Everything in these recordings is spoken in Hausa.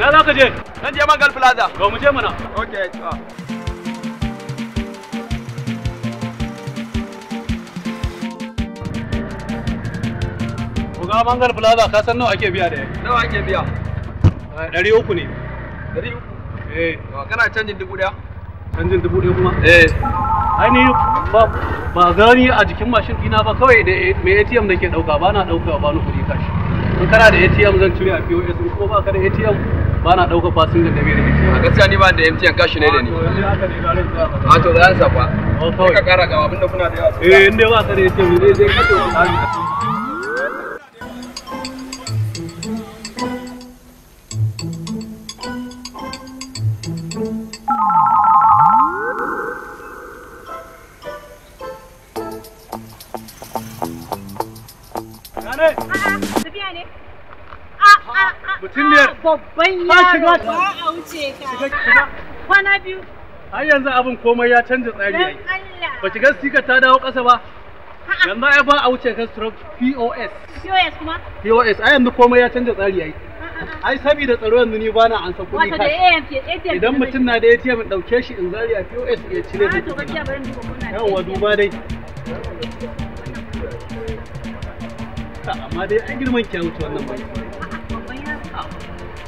na za ka je? Zan je Mangal Plaza. Ga mu je mana. Okay, sure. Ga Mangal Plaza ka san nawa ake biya da yake. Nawa ake biya? Eh, ɗari uku ne. Ɗari uku? Eh. Kana canjin dubu ɗaya? Canjin dubu ɗaya kuma? Eh. Ainihin ba ba gani a jikin mashin dina ba kawai da mai ATM nake ɗauka ba na ɗauka ba ni kuɗi kashi. In kana da ATM zan cire a POS in kuma ba ka da ATM ba na ɗaukar fasinjan da bai da MTN. A gaskiya ni ba da MT an kashi ne da ni. A to za a ba. Oh, ka kara gaba abinda kuna da yawa. Eh inda yawa kare ya ce ni zai kashe wani babban yaro ba a wuce ka kwana biyu ai yanzu abin komai ya canza tsari ai ba ki ga sika ta dawo ƙasa ba yanzu ai ba a wuce ka stroke POS POS kuma POS ai yanzu komai ya canza tsari ai ai saboda tsaro yanzu ni bana an san kuɗi ka idan mutum na da ATM in dauke shi in zari a POS ya cire ni to gaskiya bari ni kokona yawa duba dai amma dai an girman ki wuce wannan ba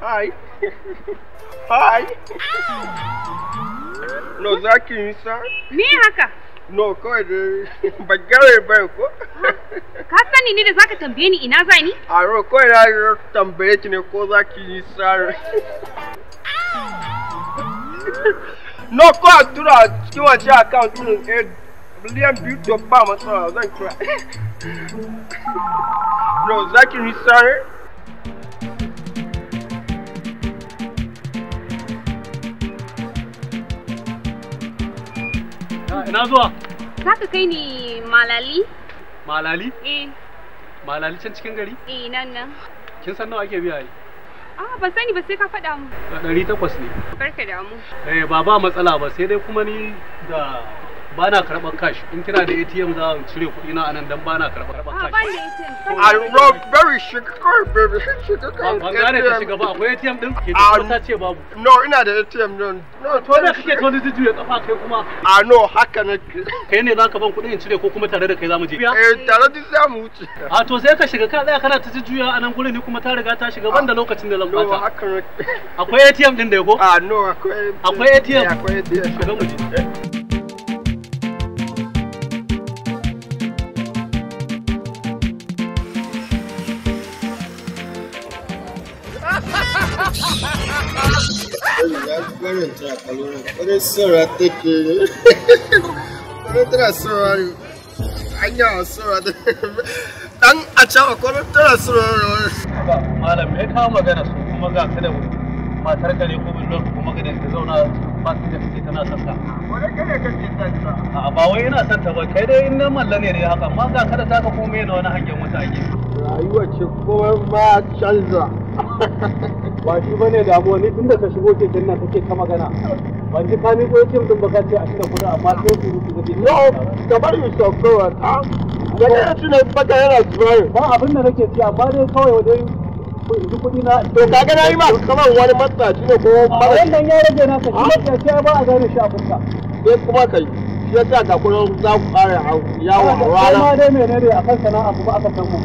Hi. Hi. No, za ki yi sa? Me haka? No, kawai da bagare bai ko? Ka sani ne da zaka tambaye ni ina za ni? A ah, ro, kawai da tambaye ki ne ko za ki yi sa. No, ko a tura cikin wace account ɗin ɗaya biliyan biyu to ba matsala zan kira. No, za ki yi sare. Ina zuwa? Za ka kai ni malali? Malali? Eh. Malali can cikin gari? Eh nan nan. Kin san nawa ake biya yi? Ah ban sani ba sai ka faɗa mu. Ɗari takwas ne. Barka da mu. Eh ba ba matsala ba sai dai kuma ni da bana na karɓar cash in kina da atm za a cire kuɗi na anan dan ba na karɓar cash ah, i love very sugar car baby sugar car ban gane ta shiga ba akwai atm din ke da ah, ta ce babu no ina da atm din no to da kike to da jujuya kafa kai kuma a ah, no haka ne kai ne zaka ban kuɗin in cire ko kuma tare da kai zamu je eh tare da za mu wuce a to sai ka shiga ka tsaya kana ta jujuya a nan gurin ni kuma ta riga ta shiga banda lokacin da zan bata no haka ne akwai atm din da yago a no akwai akwai atm eh, akwai atm shiga mu je eh. barin ta kalona wani sora take ne wani tana sora ne hanya sora da dan a can akwai tana sora ne malam me kawo magana su kuma ga ka da ka ne ko bin nan kuma ga ta zauna ba su da kake tana son ka kare kake son ta a ba wai ina son ba kai dai in mallane malla ne haka amma ga kada da taka komai na wani hangen mutane rayuwa ce kowa ba canza ba shi ba ne damuwa ni tun da ka shigo ke janna kake ta magana ban ji ka miƙo yakin din ba ka ce a shi da kuɗi amma sai su rufe gaji no kamar you shall go at ha da ne su ne baka yana tsaye ba abin da nake ci amma dai kawai wajen kuɗi na to kaga nayi ma kamar wani shi ne ko mara wannan ya rage na ka shi ya ba a gane shi a fuska sai kuma kai shi ya sa ka kullum za ku ƙara yawon rana. Kuma dai menene a kan sana'a kuma aka san mu.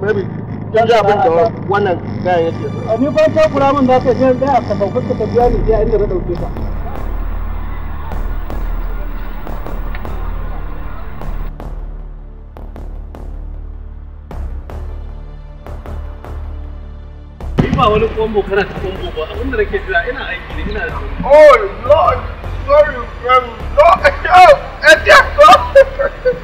Maybe don a bin da wannan gaya yake so ni ban ta min da ka je da ka dauka ka biya ni ya inda na dauke ka ba wani kombo kana ta kombo ba abin da nake jira ina aiki ne ina da oh lord sorry friend lord oh, i just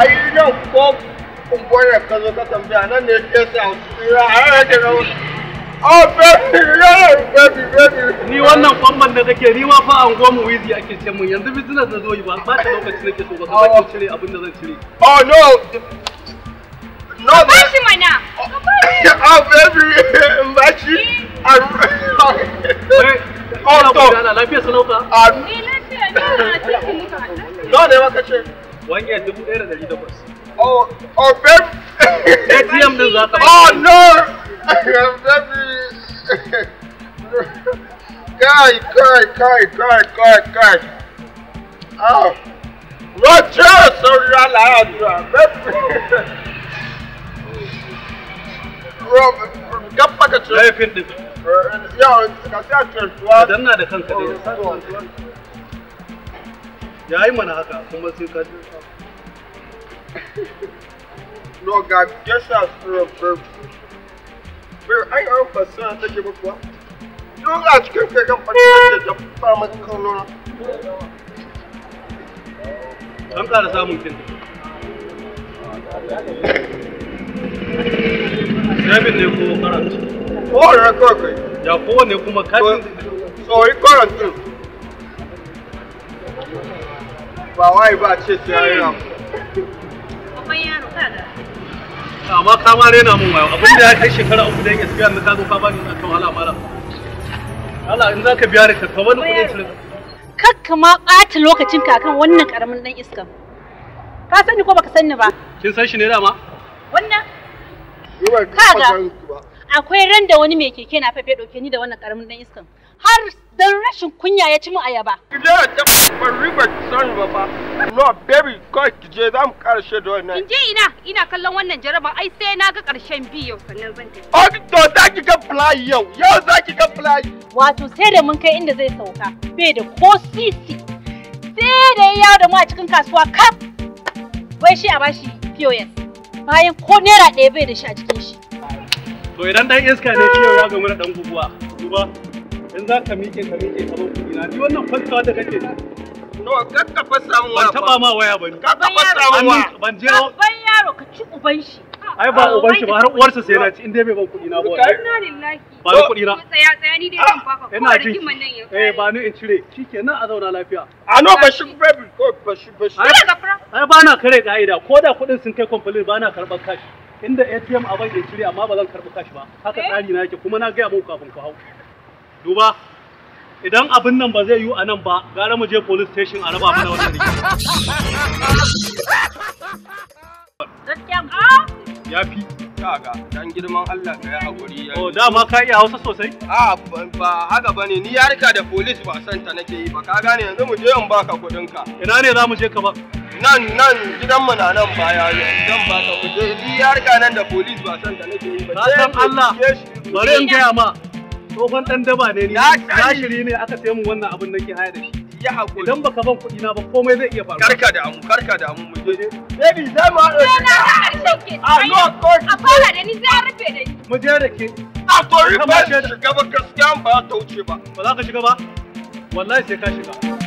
ai yau ko kumbuwar ka zo ka tambaya nan ne ke sa tsira a yake nan Oh baby, yeah, baby, baby. Ni wannan kwamban da kake ni ma fa an gomu wizi ake ce mun yanzu business na zo yi ba ba ta da nake so ba ka cire abin da zan cire. Oh no. No. Ba shi mana. Oh baby, ba shi. Eh, oh to. Eh, lafiya salauka. Ah. Ni lafiya ne na No Wanya dubu ɗaya da ɗari takwas. Oh, oh, babe. ATM din za ka Oh, no. Baby. Kai, kai, kai, kai, kai, kai. Ah. sorry, I lied. Laifin uh, ka sa da kanka dai. Oh, ya yi mana haka kuma sai ka ji no ga gesa bir ai an fasara take ba kuwa duk a cikin kai kan fasara da ba maka kallon an ƙara samun kin ne ko karanta. Kowane kawai kai. Ya ne kuma kafin. Sorry karatu. ba wai ba ce ta yaro babban yaro amma ka ma rena mun wayo abin da ya kai shekara uku da gaskiya ka zo na kan mara in biya ni ka ka bani cire ma ɓata lokacin ka kan wannan karamin dan iskan ka sani ko baka sani ba kin san shi ne dama wannan kaga akwai ran da wani mai keke na fafe dauke ni da wannan karamin dan iskan har dan rashin kunya ya ci mu ayaba. Ina ta ban riba son ba No baby kai ki je za mu karshe da wannan. In je ina ina kallon wannan jaraba ai sai na ga karshen bi yau sannan zan tafi. Oh, to za ki ga fly yau yau za ki ga fly. Wato sai da mun kai inda zai sauka bai da ko sisi. Sai da ya yawo da mu a cikin kasuwa kaf. Wai shi a bashi POS. Bayan ko naira ɗaya bai da shi a cikin shi. To idan dan iska ne ciwo ya ga da dan guguwa. Duba. in za ka miƙe ka miƙe ka bar kuɗi na ni wannan fassawa da kake no kakka fassa mu ban taba ma waya bane kakka fassa mu wa ban je ban yaro ka ci uban shi ai ba uban shi ba har uwarsa sai na ci in dai bai ban kuɗi na ba inna lillahi ba ni kuɗi na tsaya tsaya ni dai zan baka ina ji eh ba ni in cire shikenan a zauna lafiya a no ba shi baby ko ba shi ba shi ai ba na kare ka'ida ko da kuɗin sun kai complain ba na karɓar kashi inda ATM a bai cire amma ba zan karɓi kashi ba haka eh? tsari na yake kuma na gaya muku kafin ku hau duba idan abin nan ba zai yiwu a nan ba gara mu je police station a raba mana wannan rikici ah! ya fi kaga dan girman Allah ka yi hakuri ya oh dama ka iya Hausa sosai a ba haka bane ni ya rika da police ba san ta nake yi ba ka gane yanzu mu je in baka kudin ka ina ne za mu je ka ba nan nan gidan mu na nan baya gidan baka mu Ni ya rika nan da police ba san ta nake yi ba san Allah bari in gaya ma tsohon dan daba ne ni shiri ne aka sai mu wannan abin nake haya da shi ya hakuri idan baka ban kuɗi na ba komai zai iya faruwa karka da amu karka da amu mu je baby za mu haɗa shi na harshen ke a ah, no course a fara da ni zai rufe da ni mu je da ke a ah, to rufe shiga ba gaskiya ba ta wuce ba ba za ka shiga ba wallahi sai ka shiga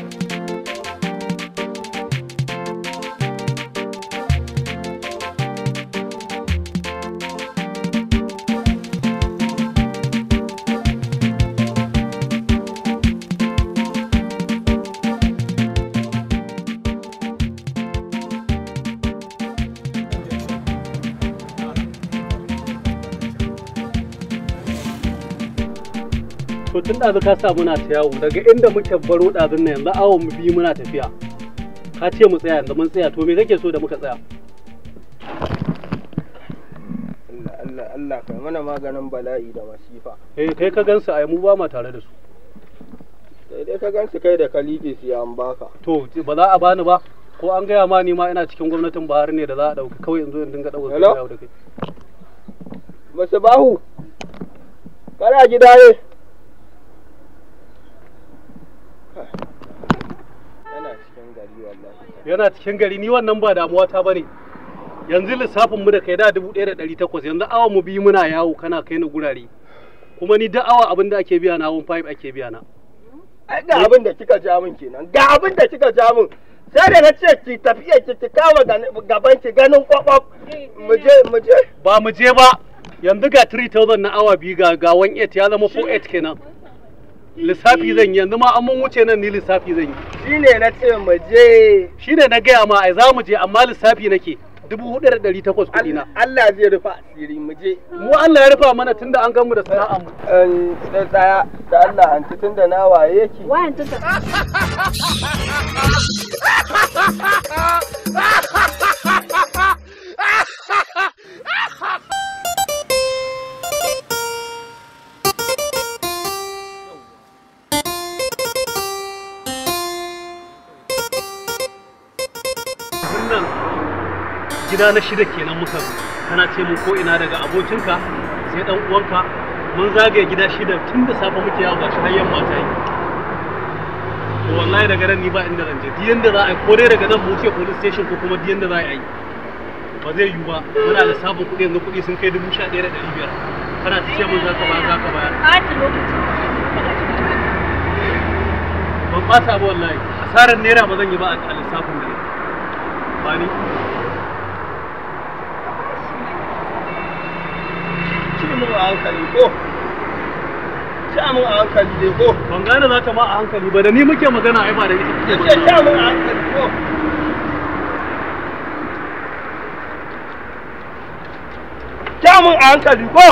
tun ɗazu ka sa muna ta yawo daga inda muke baro ɗazun na yanzu awon mu biyu muna tafiya ka ce mu tsaya yanzu mun tsaya to me kake so da muka tsaya Allah Allah kai mana maganin bala'i da masifa eh kai ka gansu ai mu ba ma tare da su sai dai ka gansu kai da kalike su an baka to ba za a bani ba ko an gaya ma ni ma ina cikin gwamnatin Buhari ne da za a dauki kawai yanzu in dinga dauka da kai Masu bahu kana gida ne yana cikin gari ni wannan ba damuwa ta bane yanzu lissafin mu da kai da 1800 yanzu awa mu bi muna yawo kana kai ni gurare kuma ni da awa abin da ake biya na 15 ake biya na ga abin da kika ja min kenan ga abin da kika ja min sai da na ce ki tafiya ki ki kawo gaban ki ganin kwakwak mu je mu je ba mu je ba yanzu ga 3000 na awa biyu ga ga 18 ya zama 48 kenan lissafi zan yi yanzu ma an mun wuce nan ni lissafi zan yi shine na ce mu je shine na gaya ma ai za mu je amma lissafi nake dubu hudu da dari takwas kuɗi na Allah zai rufa asiri mu je mu Allah ya rufa mana tunda an gan mu da sana'a mu an da tsaya da Allah anti tunda na waye ki wayan tunda gida na shida kenan muka kana ce mun ko ina daga abokinka sai dan uwanka mun zagaye gida shida tun da safe muke yawo gashi har yamma ta yi wallahi daga nan ni ba inda zan je duk yanda za a yi ko dai daga nan muke wuce police station ko kuma duk yanda za a yi ba zai yiwu ba muna lissafin kuɗi yanzu kuɗi sun kai dubu sha ɗaya da ɗari biyar kana ta ce mun za ka bayar. za ka bayar ban ɓata ba wallahi asarar naira ba zan yi ba a lissafin da ba ni mun a hankali ko sha mun a hankali dai ko ban gane za ma a hankali ba da ni muke magana ai ba da ni kike ce sha mun a hankali ko sha mun a hankali ko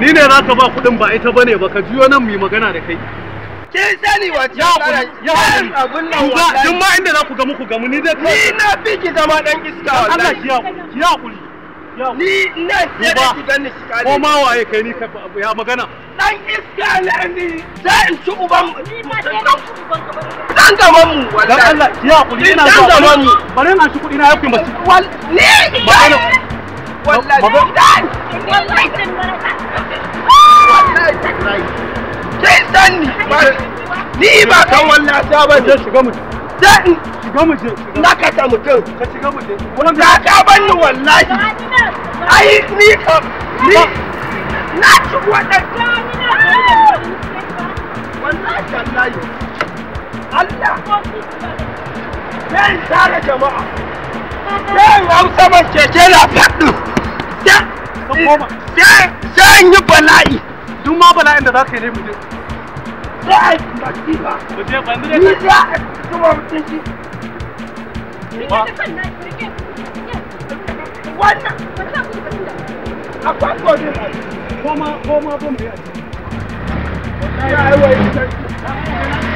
ni ne za ka ba kuɗin ba ita ba ne ba ka jiyo nan mu yi magana da kai kin sani ya abun nan wa duk inda za ku ni na fi ki zama dan iska wallahi ni ne da ki kai ni ka ya magana dan iska ne ni in ci uban ni ma mu wallahi dan Allah ina ni wallahi dan wallahi dan wallahi ni ba kan wallahi sai ba shiga mutum da in shiga mu na ka ta mutum ka shiga mu je ka banni wallahi ai ni ka ni na ci wata wallahi tallahi Allah zan tara jama'a zan hausa man keke na faɗi zan yi bala'i duk ma bala'in da za ka yi ne mu Dai! Kuma mutum shi! a koma koma bin biya. Ya yi wa